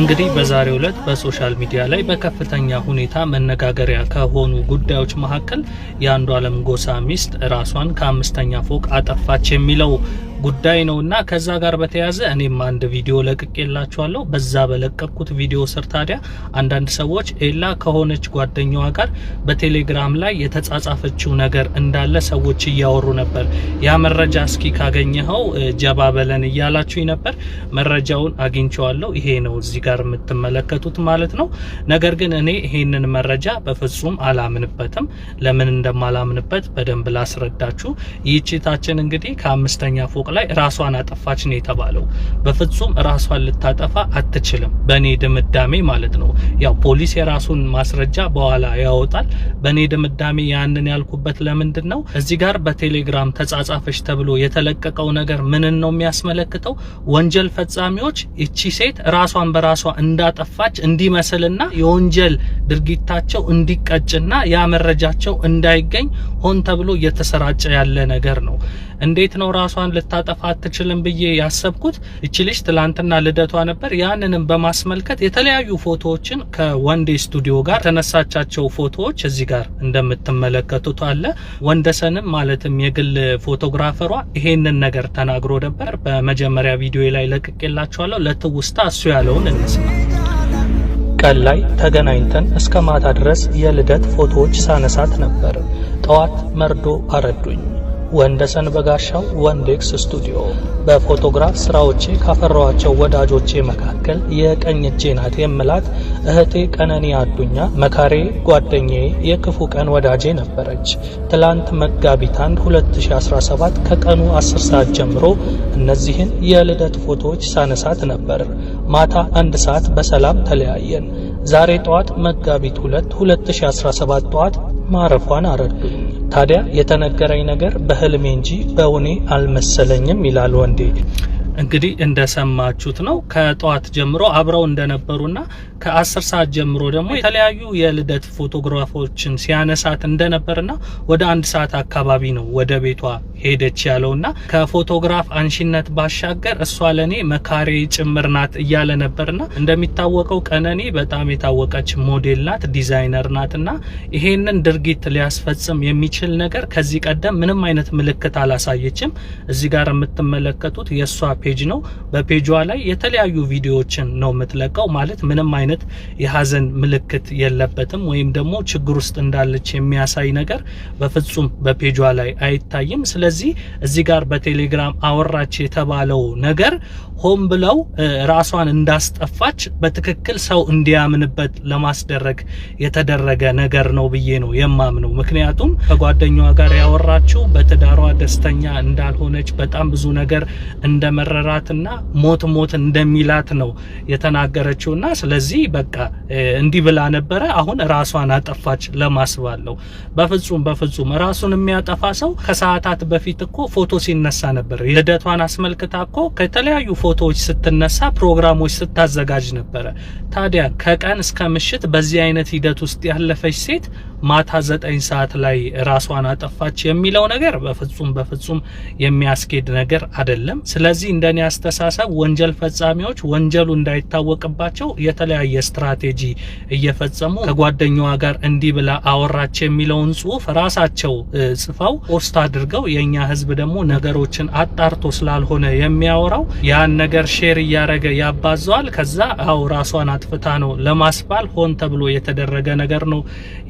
እንግዲህ በዛሬው ዕለት በሶሻል ሚዲያ ላይ በከፍተኛ ሁኔታ መነጋገሪያ ከሆኑ ጉዳዮች መካከል የአንዱ አለም ጎሳ ሚስት ራሷን ከአምስተኛ ፎቅ አጠፋች የሚለው ጉዳይ ነው እና ከዛ ጋር በተያያዘ እኔም አንድ ቪዲዮ ለቅቄላችኋለሁ። በዛ በለቀቅኩት ቪዲዮ ስር ታዲያ አንዳንድ ሰዎች ኤላ ከሆነች ጓደኛዋ ጋር በቴሌግራም ላይ የተጻጻፈችው ነገር እንዳለ ሰዎች እያወሩ ነበር። ያ መረጃ እስኪ ካገኘኸው ጀባ በለን እያላችሁኝ ነበር። መረጃውን አግኝቼዋለሁ። ይሄ ነው እዚህ ጋር የምትመለከቱት ማለት ነው። ነገር ግን እኔ ይሄንን መረጃ በፍጹም አላምንበትም። ለምን እንደማላምንበት በደንብ ላስረዳችሁ። ይህቺታችን እንግዲህ ከአምስተኛ ፎቅ ፎቅ ላይ ራሷን አጠፋች ነው የተባለው። በፍጹም ራሷን ልታጠፋ አትችልም፣ በእኔ ድምዳሜ ማለት ነው። ያው ፖሊስ የራሱን ማስረጃ በኋላ ያወጣል። በእኔ ድምዳሜ ያንን ያልኩበት ለምንድን ነው፣ እዚህ ጋር በቴሌግራም ተጻጻፈች ተብሎ የተለቀቀው ነገር ምንን ነው የሚያስመለክተው? ወንጀል ፈጻሚዎች ይቺ ሴት ራሷን በራሷ እንዳጠፋች እንዲመስልና የወንጀል ድርጊታቸው እንዲቀጭና ያ መረጃቸው እንዳይገኝ ሆን ተብሎ እየተሰራጨ ያለ ነገር ነው። እንዴት ነው ራሷን ልታጠፋ አትችልም ብዬ ያሰብኩት እቺ ልጅ ትላንትና ልደቷ ነበር። ያንንም በማስመልከት የተለያዩ ፎቶዎችን ከወንዴ ስቱዲዮ ጋር የተነሳቻቸው ፎቶዎች እዚህ ጋር እንደምትመለከቱት አለ። ወንደሰንም ማለትም የግል ፎቶግራፈሯ ይሄንን ነገር ተናግሮ ነበር። በመጀመሪያ ቪዲዮ ላይ ለቅቄላችኋለሁ። ለትውስታ እሱ ያለውን እንስማ። ቀን ላይ ተገናኝተን እስከ ማታ ድረስ የልደት ፎቶዎች ሳነሳት ነበር። ጠዋት መርዶ አረዱኝ። ወንደሰን በጋሻው ወንዴክስ ስቱዲዮ በፎቶግራፍ ስራዎቼ ካፈራኋቸው ወዳጆቼ መካከል የቀኝ እጄ ናት የምላት እህቴ ቀነኒ አዱኛ መካሬ ጓደኛዬ፣ የክፉ ቀን ወዳጄ ነበረች። ትላንት መጋቢት 2017 ከቀኑ 10 ሰዓት ጀምሮ እነዚህን የልደት ፎቶዎች ሳነሳት ነበር። ማታ አንድ ሰዓት በሰላም ተለያየን። ዛሬ ጠዋት መጋቢት 2 2017 ጠዋት ማረፏን አረዱ። ታዲያ የተነገረኝ ነገር በህልሜ እንጂ በውኔ አልመሰለኝም ይላል ወንዴ። እንግዲህ እንደሰማችሁት ነው። ከጠዋት ጀምሮ አብረው እንደነበሩና ከአስር ሰዓት ጀምሮ ደግሞ የተለያዩ የልደት ፎቶግራፎችን ሲያነሳት እንደነበርና ወደ አንድ ሰዓት አካባቢ ነው ወደ ቤቷ ሄደች ያለውና ከፎቶግራፍ አንሺነት ባሻገር እሷ ለእኔ መካሬ ጭምር ናት እያለ ነበርና እንደሚታወቀው ቀነኔ በጣም የታወቀች ሞዴል ናት፣ ዲዛይነር ናትና ይሄንን ድርጊት ሊያስፈጽም የሚችል ነገር ከዚህ ቀደም ምንም አይነት ምልክት አላሳየችም። እዚህ ጋር የምትመለከቱት የእሷ ፔጅ ነው። በፔጇ ላይ የተለያዩ ቪዲዮዎችን ነው የምትለቀው። ማለት ምንም አይነት የሀዘን ምልክት የለበትም ወይም ደግሞ ችግር ውስጥ እንዳለች የሚያሳይ ነገር በፍጹም በፔጇ ላይ አይታይም። ስለዚህ እዚህ ጋር በቴሌግራም አወራች የተባለው ነገር ሆን ብለው ራሷን እንዳስጠፋች በትክክል ሰው እንዲያምንበት ለማስደረግ የተደረገ ነገር ነው ብዬ ነው የማምነው። ምክንያቱም ከጓደኛዋ ጋር ያወራችው በትዳሯ ደስተኛ እንዳልሆነች በጣም ብዙ ነገር እንደመረራትና ሞት ሞት እንደሚላት ነው የተናገረችውና ስለዚህ በቃ እንዲህ ብላ ነበረ አሁን ራሷን አጠፋች ለማስባል ነው። በፍጹም በፍጹም ራሱን የሚያጠፋ ሰው ከሰዓታት በፊት እኮ ፎቶ ሲነሳ ነበር። ልደቷን አስመልክታ እኮ ከተለያዩ ፎቶዎች ስትነሳ፣ ፕሮግራሞች ስታዘጋጅ ነበረ። ታዲያ ከቀን እስከ ምሽት በዚህ አይነት ሂደት ውስጥ ያለፈች ሴት ማታ ዘጠኝ ሰዓት ላይ ራሷን አጠፋች የሚለው ነገር በፍጹም በፍጹም የሚያስኬድ ነገር አይደለም። ስለዚህ እንደኔ አስተሳሰብ ወንጀል ፈጻሚዎች ወንጀሉ እንዳይታወቅባቸው የተለያየ ስትራቴጂ እየፈጸሙ ከጓደኛዋ ጋር እንዲህ ብላ አወራች የሚለውን ጽሁፍ ራሳቸው ጽፈው ፖስት አድርገው የእኛ ህዝብ ደግሞ ነገሮችን አጣርቶ ስላልሆነ የሚያወራው ያን ነገር ሼር እያደረገ ያባዘዋል። ከዛ አው ራሷን አጥፍታ ነው ለማስባል ሆን ተብሎ የተደረገ ነገር ነው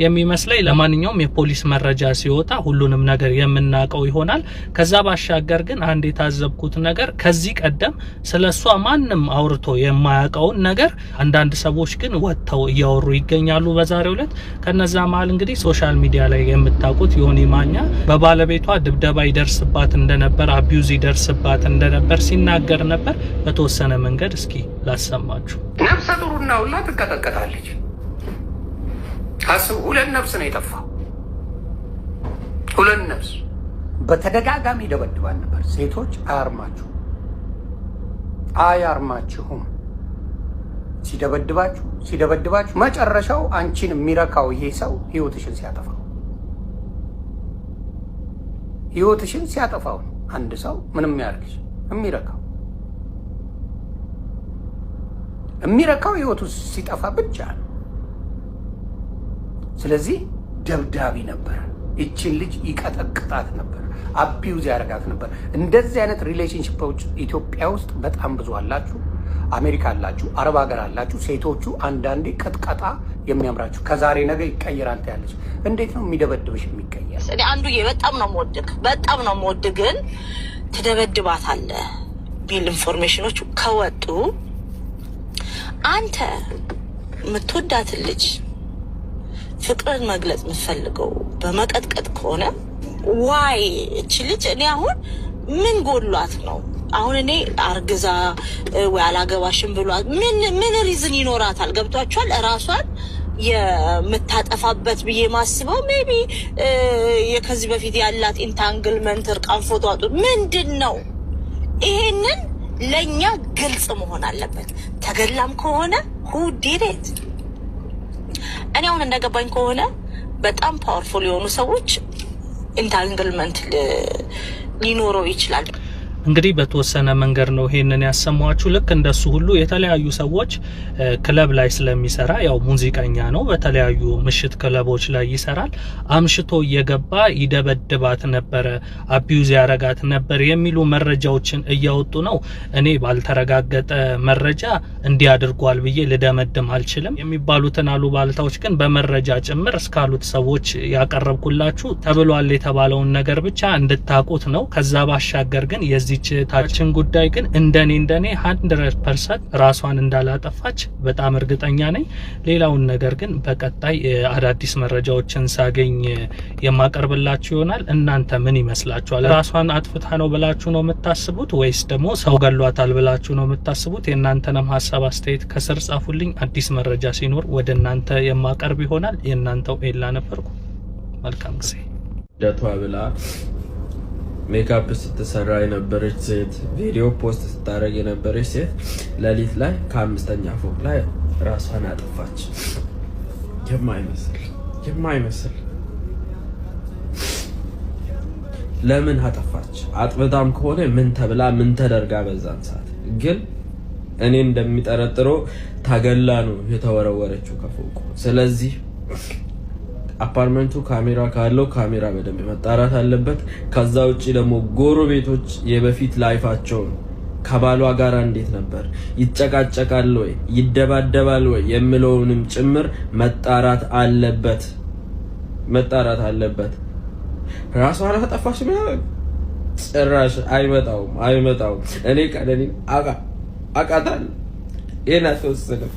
የሚመስል ላይ ለማንኛውም የፖሊስ መረጃ ሲወጣ ሁሉንም ነገር የምናውቀው ይሆናል። ከዛ ባሻገር ግን አንድ የታዘብኩት ነገር ከዚህ ቀደም ስለ እሷ ማንም አውርቶ የማያውቀውን ነገር አንዳንድ ሰዎች ግን ወጥተው እያወሩ ይገኛሉ በዛሬው ዕለት። ከነዛ መሀል እንግዲህ ሶሻል ሚዲያ ላይ የምታውቁት ዮኒ ማኛ በባለቤቷ ድብደባ ይደርስባት እንደነበር፣ አቢዩዝ ይደርስባት እንደነበር ሲናገር ነበር። በተወሰነ መንገድ እስኪ ላሰማችሁ። ነፍሰ ጡርና ሁላ ትንቀጠቀጣለች አስብ፣ ሁለት ነፍስ ነው የጠፋው። ሁለት ነፍስ በተደጋጋሚ ይደበድባል ነበር። ሴቶች አያርማችሁም፣ አያርማችሁም። ሲደበድባችሁ ሲደበድባችሁ መጨረሻው አንቺን የሚረካው ይሄ ሰው ህይወትሽን ሲያጠፋው ህይወትሽን ሲያጠፋው አንድ ሰው ምንም ያርግሽ የሚረካው የሚረካው ህይወቱ ሲጠፋ ብቻ ነው። ስለዚህ ደብዳቢ ነበር። ይችን ልጅ ይቀጠቅጣት ነበር፣ አቢውዝ ያደርጋት ነበር። እንደዚህ አይነት ሪሌሽንሽፖች ኢትዮጵያ ውስጥ በጣም ብዙ አላችሁ፣ አሜሪካ አላችሁ፣ አረብ ሀገር አላችሁ። ሴቶቹ አንዳንዴ ቀጥቀጣ የሚያምራችሁ ከዛሬ ነገ ይቀየራል ያለች እንዴት ነው የሚደበድብሽ? የሚቀየር እኔ አንዱ በጣም ነው የምወድግ በጣም ነው የምወድግ ግን ትደበድባታለህ ቢል ኢንፎርሜሽኖቹ ከወጡ አንተ የምትወዳትን ልጅ ፍቅርን መግለጽ የምትፈልገው በመቀጥቀጥ ከሆነ ዋይ እች ልጅ እኔ አሁን ምን ጎሏት ነው? አሁን እኔ አርግዛ ወይ አላገባሽም ብሏት ምን ምን ሪዝን ይኖራታል? ገብቷችኋል? እራሷን የምታጠፋበት ብዬ ማስበው ሜቢ ከዚህ በፊት ያላት ኢንታንግልመንት እርቃን ፎቶ አጡ ምንድን ነው? ይሄንን ለእኛ ግልጽ መሆን አለበት። ተገላም ከሆነ ሁዴሬት እኔ አሁን እንደገባኝ ከሆነ በጣም ፓወርፉል የሆኑ ሰዎች ኢንታንግልመንት ሊኖረው ይችላል። እንግዲህ በተወሰነ መንገድ ነው ይሄንን ያሰማችሁ። ልክ እንደሱ ሁሉ የተለያዩ ሰዎች ክለብ ላይ ስለሚሰራ ያው ሙዚቀኛ ነው፣ በተለያዩ ምሽት ክለቦች ላይ ይሰራል። አምሽቶ እየገባ ይደበድባት ነበረ፣ አቢዩዝ ያረጋት ነበር የሚሉ መረጃዎችን እያወጡ ነው። እኔ ባልተረጋገጠ መረጃ እንዲህ አድርጓል ብዬ ልደመድም አልችልም። የሚባሉትን አሉባልታዎች ግን በመረጃ ጭምር እስካሉት ሰዎች ያቀረብኩላችሁ ተብሏል የተባለውን ነገር ብቻ እንድታቁት ነው። ከዛ ባሻገር ግን የዚህ የዚች እህታችን ጉዳይ ግን እንደኔ እንደኔ ሀንድረድ ፐርሰንት ራሷን እንዳላጠፋች በጣም እርግጠኛ ነኝ። ሌላውን ነገር ግን በቀጣይ አዳዲስ መረጃዎችን ሳገኝ የማቀርብላችሁ ይሆናል። እናንተ ምን ይመስላችኋል? ራሷን አጥፍታ ነው ብላችሁ ነው የምታስቡት ወይስ ደግሞ ሰው ገሏታል ብላችሁ ነው የምታስቡት? የእናንተንም ሀሳብ አስተያየት ከስር ጻፉልኝ። አዲስ መረጃ ሲኖር ወደ እናንተ የማቀርብ ይሆናል። የእናንተው ኤላ ነበርኩ። መልካም ጊዜ። ደቷ ብላ ሜካፕ ስትሰራ የነበረች ሴት፣ ቪዲዮ ፖስት ስታደርግ የነበረች ሴት ሌሊት ላይ ከአምስተኛ ፎቅ ላይ ራሷን አጠፋች። የማይመስል የማይመስል ለምን አጠፋች? አጥብታም ከሆነ ምን ተብላ ምን ተደርጋ? በዛን ሰዓት ግን እኔ እንደሚጠረጥረው ታገላ ነው የተወረወረችው ከፎቁ። ስለዚህ አፓርትመንቱ ካሜራ ካለው ካሜራ በደንብ መጣራት አለበት። ከዛ ውጭ ደግሞ ጎረቤቶች የበፊት ላይፋቸውን ከባሏ ጋር እንዴት ነበር ይጨቃጨቃል ወይ ይደባደባል ወይ የምለውንም ጭምር መጣራት አለበት መጣራት አለበት። ራሷን አጠፋች ምናምን ጭራሽ አይመጣውም አይመጣውም። እኔ ቀደኒ አቃ አቃታል ይህን አትወስንም